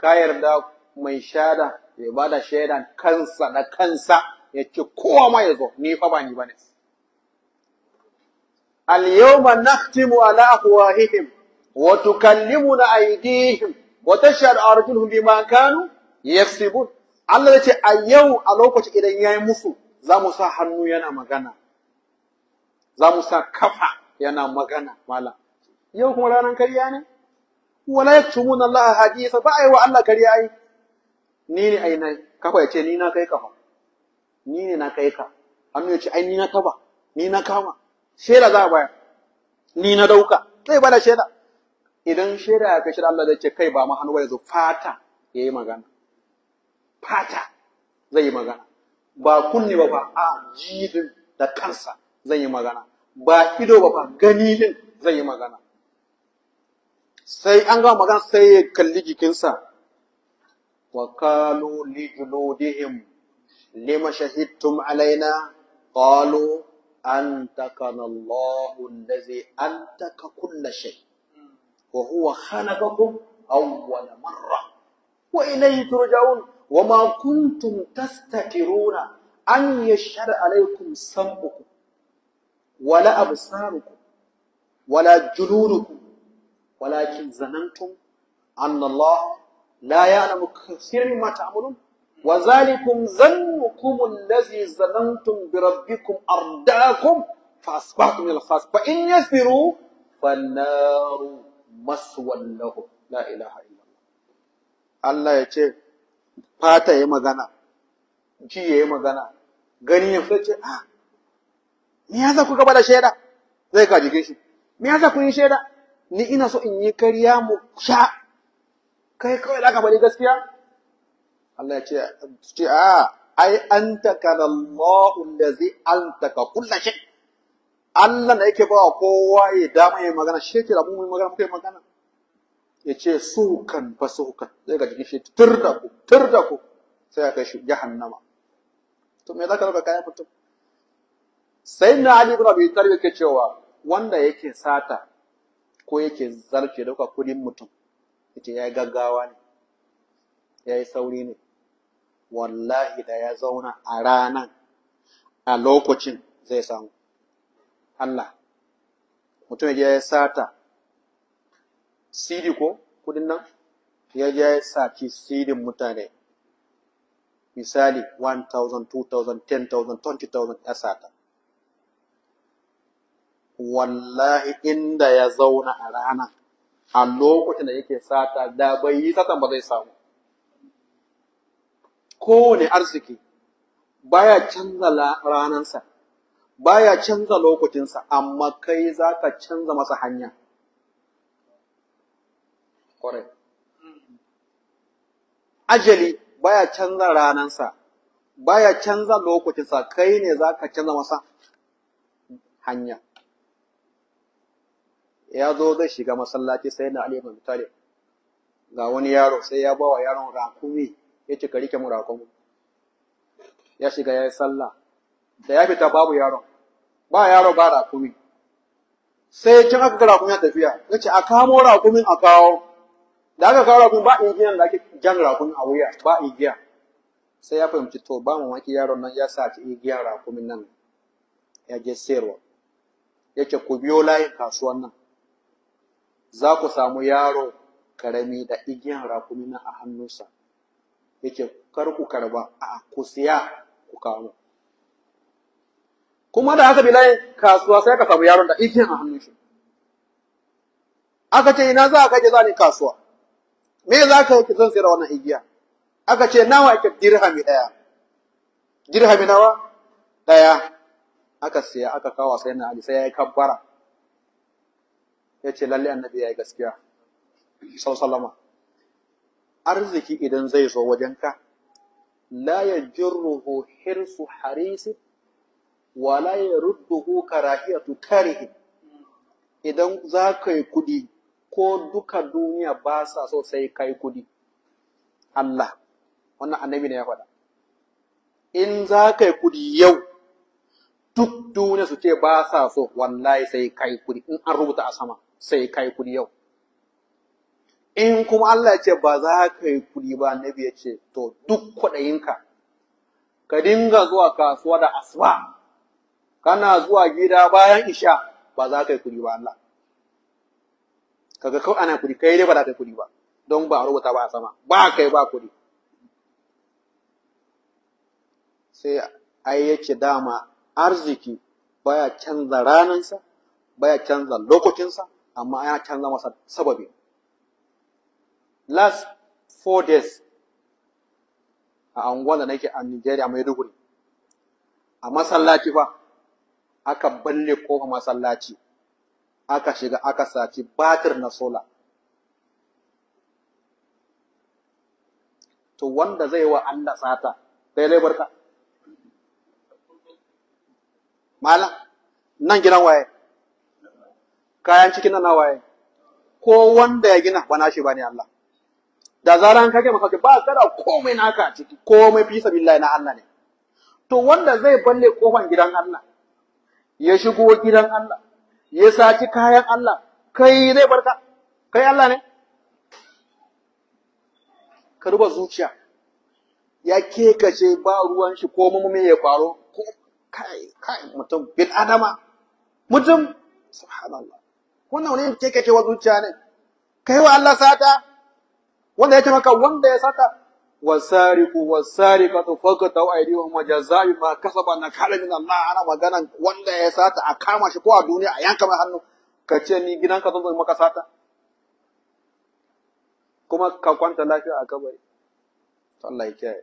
ka yarda mai shada ya bada shaidan kansa da kansa ya ce kowa ma ya zo ni fa ba ni ba ne اليوم نختم على أفواههم وتكلمنا أيديهم وتشهد أرجلهم بما كانوا يكسبون Allah ya ce a yau a lokaci idan ya yi musu za mu sa hannu yana magana za mu sa kafa yana magana mala yau kuma ranar karya ne wala yaktumuna Allah hadisa ba yi wa Allah karya ai ni ne ai nai kafa ya ce ni na kai kafa ni ne na kai ka hannu ya ce ai ni ni na kama shaida za a bayar ni na dauka zai bada shaida idan shaida ya kai shaida Allah zai ce kai ba ma hannu yanzu fata ya yi magana fata zai yi magana ba kunne ba fa a jidin da kansa zai yi magana ba ido ba fa gani din zai yi magana sai an gama magana sai ya kalli jikinsa wa kalu li junudihim lima shahidtum alaina qalu أنتقنا الله الذي أنتك كل شيء وهو خلقكم أول مرة وإليه ترجعون وما كنتم تستكرون أن يشهر عليكم سمكم ولا أبصاركم ولا جلودكم ولكن ظننتم أن الله لا يعلم كثير مما تعملون wa zalikum zannukum allazi zanantum bi rabbikum ardaakum fa asbahtum min al in yasbiru fannaru maswan lahum la ilaha illallah Allah ya ce fata ya magana ji ya yi magana gani ya fita ce ah me yasa shaida zai shi yi shaida ni ina so in yi kariya mu sha kai kawai da aka bari gaskiya Allah ya ce ce a ai antaka Allahu allazi antaka kullu shay Allah ne yake ba kowa ya dama ya magana shi yake da mu magana kai magana ya ce su kan fa su kan sai ga jikin shi tur da ku tur da ku sai ka shi jahannama to me zaka ruka kaya mutum sai na Ali ibn Abi Talib yake cewa wanda yake sata ko yake zarce dauka kudin mutum yace yayi gaggawa ne yayi sauri ne wallahi da ya zauna a ranan a lokacin zai samu Allah mutum ya ya sata sidi ko kudin nan ya ya saci sidin mutane misali 1000 2000 10000 20000 ya sata wallahi inda ya zauna a rana a lokacin da yake sata da bai yi satan ba zai samu kowane arziki baya canza ranansa baya canza lokutinsa amma kai za ka canza masa hanya ajali baya canza ranansa baya canza lokutinsa kai ne za ka canza masa hanya ya zo zai shiga masallaci sai na alimin talib ga wani yaro sai ya bawa yaron rakumi ya ce kari rike murakon ya shiga ya yi sallah da ya fita babu yaron ba yaro ba rakumi sai cin aka ga ya tafiya ya ce a kamo rakumin a kawo da aka kawo rakumin ba igiyan da ake jan rakumin a wuya ba igiya sai ya fahimci to ba mamaki yaron nan ya saci igiya rakumin nan ya je sayarwa ya ce ku biyo layin kasuwan nan za ku samu yaro karami da igiyan rakumin nan a hannunsa yake kar ku karba a ku siya ku kawo kuma da haka bilai kasuwa sai ka samu yaron da ikin a hannun shi aka ce ina za ka je za ni kasuwa me za ka yi zan sayar wannan igiya aka ce nawa ake dirhami daya dirhami nawa daya aka siya aka kawo sai na ali sai ya yi kabbara ya ce lalle annabi ya yi gaskiya sallallahu arziki idan zai zo wajen ka la yajruhu hirsu harisi wa la yarudduhu karahiyatu karihi idan za ka yi kudi ko duka duniya ba sa so sai kai kudi Allah wannan annabi ne ya faɗa in za ka yi kudi yau duk duniya su ce ba sa so wallahi sai kai kudi in an rubuta a sama sai kai kudi yau in kuma Allah ce ba za ka yi kuɗi ba na ya ce to duk kuɗayinka ka dinga zuwa kasuwa da asuba kana zuwa gida bayan isha ba za ka yi kuɗi ba Allah kaga kawai ana kuɗi kai dai ba za ka yi kuɗi ba don ba a rubuta ba a sama ba kai ba kuɗi sai ai yake dama arziki baya canza ranansa baya canza lokacinsa amma ya canza masa sababi last four days a anguwa da nake a Nigeria Maiduguri a masallaci fa aka balle kofa masallaci aka shiga aka saci batir na sola to wanda zai wa Allah sata dai lai barka malam nan gidan waye kayan cikin nan waye ko wanda ya gina ba nashi bane Allah da zaran ka gama kake ba ka da komai naka a ciki komai fi sabilillahi na Allah ne to wanda zai balle kofan gidan Allah ya shigo gidan Allah ya saci kayan Allah kai zai barka kai Allah ne ka ruba zuciya ya kekace ba ruwan shi ko mummi ya faro ko kai kai mutum bil adama mutum subhanallah wannan wani kekace wa zuciya ne kai wa Allah sata wanda ya maka wanda ya saka wasariku wasariqatu faqatu aydihum wa jazaa'u ma kasaba nakala min Allah ana magana wanda ya sata a kama shi ko a duniya a yanka mai hannu ka ce ni gidanka zan zo maka sata kuma ka kwanta lafiya a kabari Allah ya kiyaye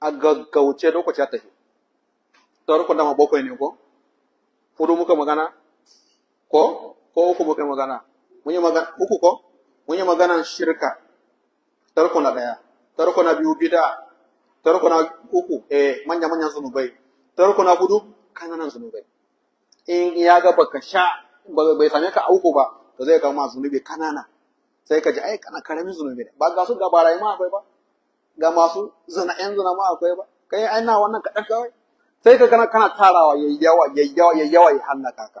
a gaggauce lokaci ya tafi to ruku da mabokai ne ko hudu muka magana ko ko uku muka magana mun yi magana uku ko mun yi maganan shirka tarko na ɗaya tarko na biyu bida tarko na uku eh manya manyan zunubai tarko na hudu kananan zunubai in ya ga baka sha bai same ka auku ba to zai kama zunubi kanana sai ka ji ai kana karamin zunubi ne ba ga su ga barayi ma akwai ba ga masu zina yan zina ma akwai ba kai ai na wannan ka kaɗan kawai sai ka kana kana tarawa yayyawa yayyawa yayyawa ya hallaka ka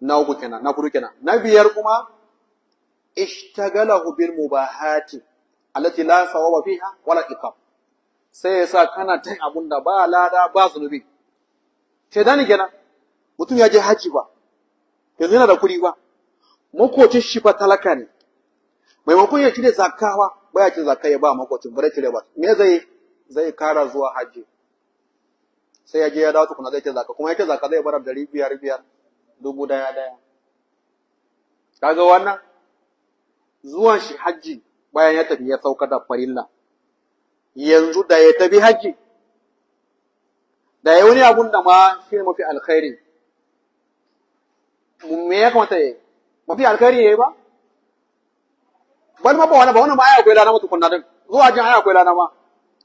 na uku kenan na hudu kenan na biyar kuma ishtagalahu bil mubahati allati la sawaba fiha wala iqab sai yasa kana ta abun da ba lada ba zunubi dani kenan mutum ya je haji ba yanzu yana da kuɗi ba makocin shi fa talaka ne maimakon ya cire zakawa baya cin zakka ba makocin bare cire ba me zai zai kara zuwa haji sai ya je ya dawo kuma zai ce zaka kuma ya ce zaka zai bar dari biyar biyar dubu daya daya kaga wannan zuwan shi hajji bayan ya tafi ya sauka da farilla yanzu da ya tafi hajji da ya wani abun da ma shi ne mafi alkhairi me ya kamata ya yi? mafi alkhairi ya yi ba bal ma ba wani ba wani ma aya akwai lana mutu kunna din zuwa jin aya akwai lana ma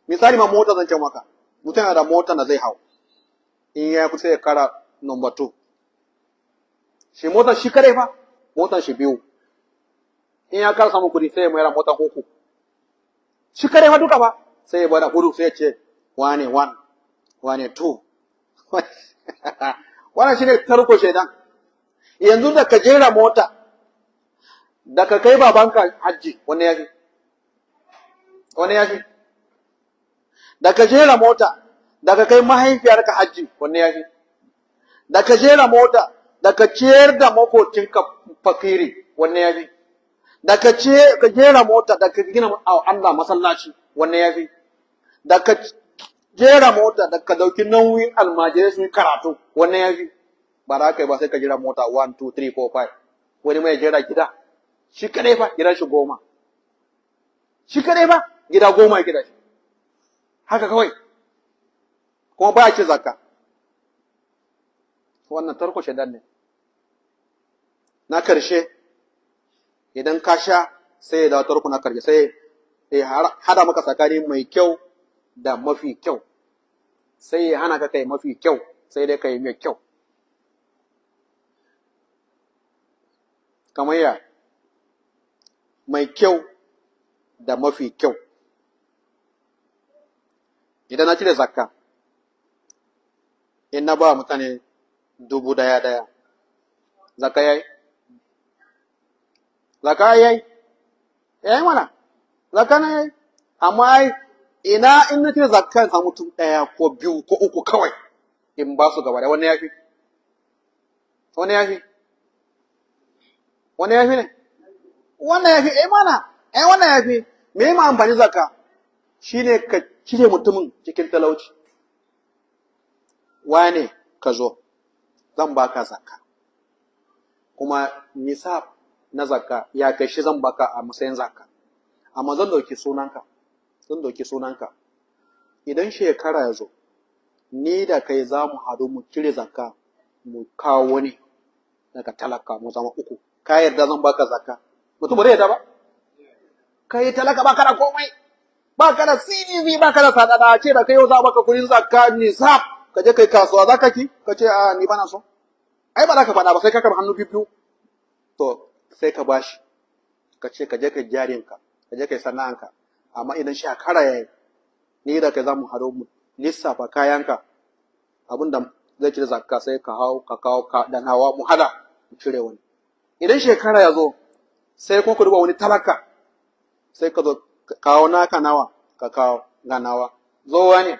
misali ma mota zan ce maka mutum yana da mota na zai hau in ya kusa ya kara number 2 shi mota shi kare fa mota shi biyu in ya kasa samun kuɗi sai ya mayar mota koko shi kare ma duka ba sai ya bada hudu sai ya ce wane one wane two shi shine tarko shaidan yanzu da ka jera mota da ka kai babanka hajji wanne ya fi wani ya fi da ka jera mota da ka kai mahaifiyarka hajji wanne ya fi da ka jera mota da ka ciyar da makocinka fakiri wanne ya fi daga ce ka gera mota daga ka gina Allah masallaci wannan yafi daga gera mota daga dauki nauyi almajirai su karatu wannan yafi ba za ka yi ba sai ka gera mota 1 2 3 4 5 wani mai gera gida shi kadai fa gida shi goma shi kadai fa gida goma gida shi haka kawai kuma ba ce zakka wannan tarko shedan ne na karshe idan ka sha sai ya dawo tarku na karshe sai ya hada maka tsakani mai kyau da mafi kyau sai ya hana ka kai mafi kyau sai dai kai mai kyau kamar ya mai kyau da mafi kyau idan na cire zakka in na ba mutane dubu daya daya zakka yayi zaka yayi yayi mana zaka na yi. amma ai ina in nake zakkan a mutum daya ko biyu ko uku kawai in ba su gaba da wani yafi Wani yafi Wani yafi ne Wani yafi eh mana eh wani yafi me ma amfani zakka shine ka cire mutumin cikin talauci wane ka zo zan baka zakka kuma nisab na zakka ya kashi zan baka a matsayin zakka amma zan dauki sunanka zan dauki sunanka idan shekara ya zo ni da kai za mu haɗu mu cire zakka mu kawo ne daga talaka mu zama uku ka yarda zan baka zakka mutum bai yarda ba kai talaka ba kana komai ba kana CDV ba kana sadada ce da kai yau za baka kuɗin zakka nisab ka je kai kasuwa za ka ki ka ce a ah, ni bana so ai ba za ka faɗa ba sai ka kama hannu biyu to sai ka bashi ka ce ka je ka jarinka ka je ka yi sana'anka amma idan shekara ya yi ni da kai za mu haro mu lissafa kayanka abin da zai cire zakka sai ka hau ka kawo ka dan hawa mu hada mu cire wani idan shekara ya zo sai ko ku duba wani talaka sai ka zo kawo naka nawa ka kawo ga nawa zo wani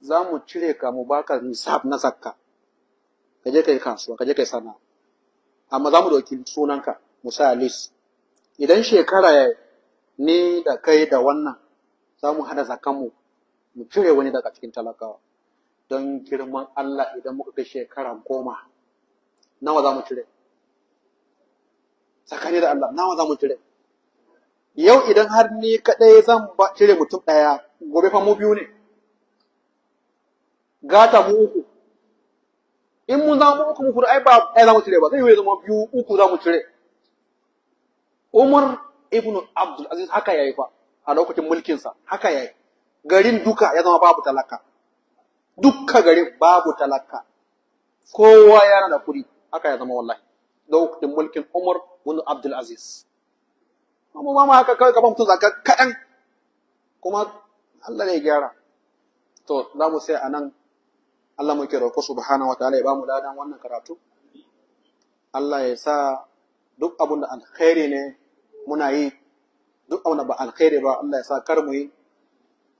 za mu cire ka mu baka nisab na zakka ka je ka yi kasuwa ka je ka yi sana'a amma za mu ɗauki sunanka musa Alis. idan shekara ne da kai da wannan za mu hada zakanmu mu cire wani daga cikin talakawa don girman Allah idan muka kai shekara goma nawa za mu cire tsakani da Allah nawa za mu cire yau idan har ni kaɗai zan cire mutum ɗaya gobe fa mu biyu ne gata mu uku in mun zama uku muku ai ba ai zamu cire ba zai yi zama biyu uku zamu cire Umar ibn Abdul Aziz haka yayi fa a lokacin mulkin sa haka yayi garin duka ya zama babu talaka dukka garin babu talaka kowa yana da kuɗi haka ya zama wallahi lokacin mulkin Umar ibn Abdul Aziz amma ba ma haka kawai ka mutum zaka kaɗan kuma Allah ne gyara to za mu sai a nan Allah muke roƙo subhanahu wa ta'ala ya bamu ladan wannan karatu Allah ya sa duk abun da alkhairi ne muna yi duk abun da ba alkhairi ba Allah ya sa kar mu yi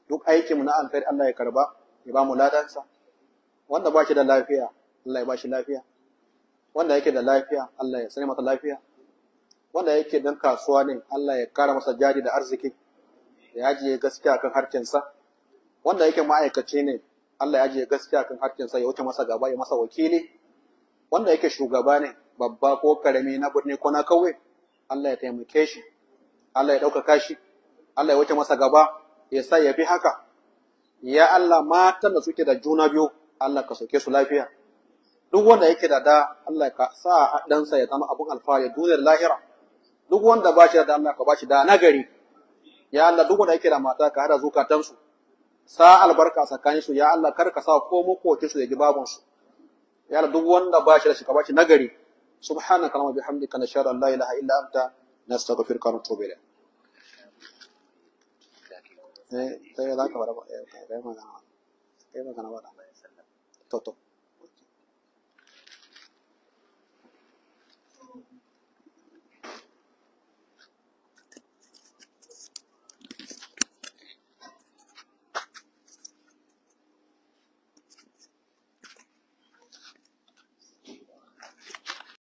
duk aikin mu na alkhairi Allah ya karba ya bamu ladan sa wanda ba shi da lafiya Allah ya ba shi lafiya wanda yake da lafiya Allah ya sani mata lafiya wanda yake dan kasuwa ne Allah ya kara masa jari da arziki ya ajiye gaskiya kan harkinsa. wanda yake ma'aikaci ne Allah ya ajiye gaskiya kan hakkinsa ya wuce masa gaba ya masa wakili wanda yake shugaba ne babba ko karami na birni ko na kauye Allah ya taimake shi Allah ya ɗaukaka shi Allah ya wuce masa gaba ya sa ya bi haka ya Allah matan da suke da juna biyu Allah ka soke su lafiya duk wanda yake da da Allah ka sa ɗansa ya zama abun alfahari duniyar lahira duk wanda ba shi da Allah ka ba shi da nagari ya Allah duk wanda yake da mata ka hada zukatansu sa albarka tsakanin su ya Allah kar ka sa ko makokin su da gibabun su ya Allah duk wanda ba shi da shi ka ba shi nagari subhanaka wa bihamdika nashhadu an la ilaha illa anta nastaghfiruka wa natubu ilayk eh sai da ka bara ba eh kai magana kai magana ba to to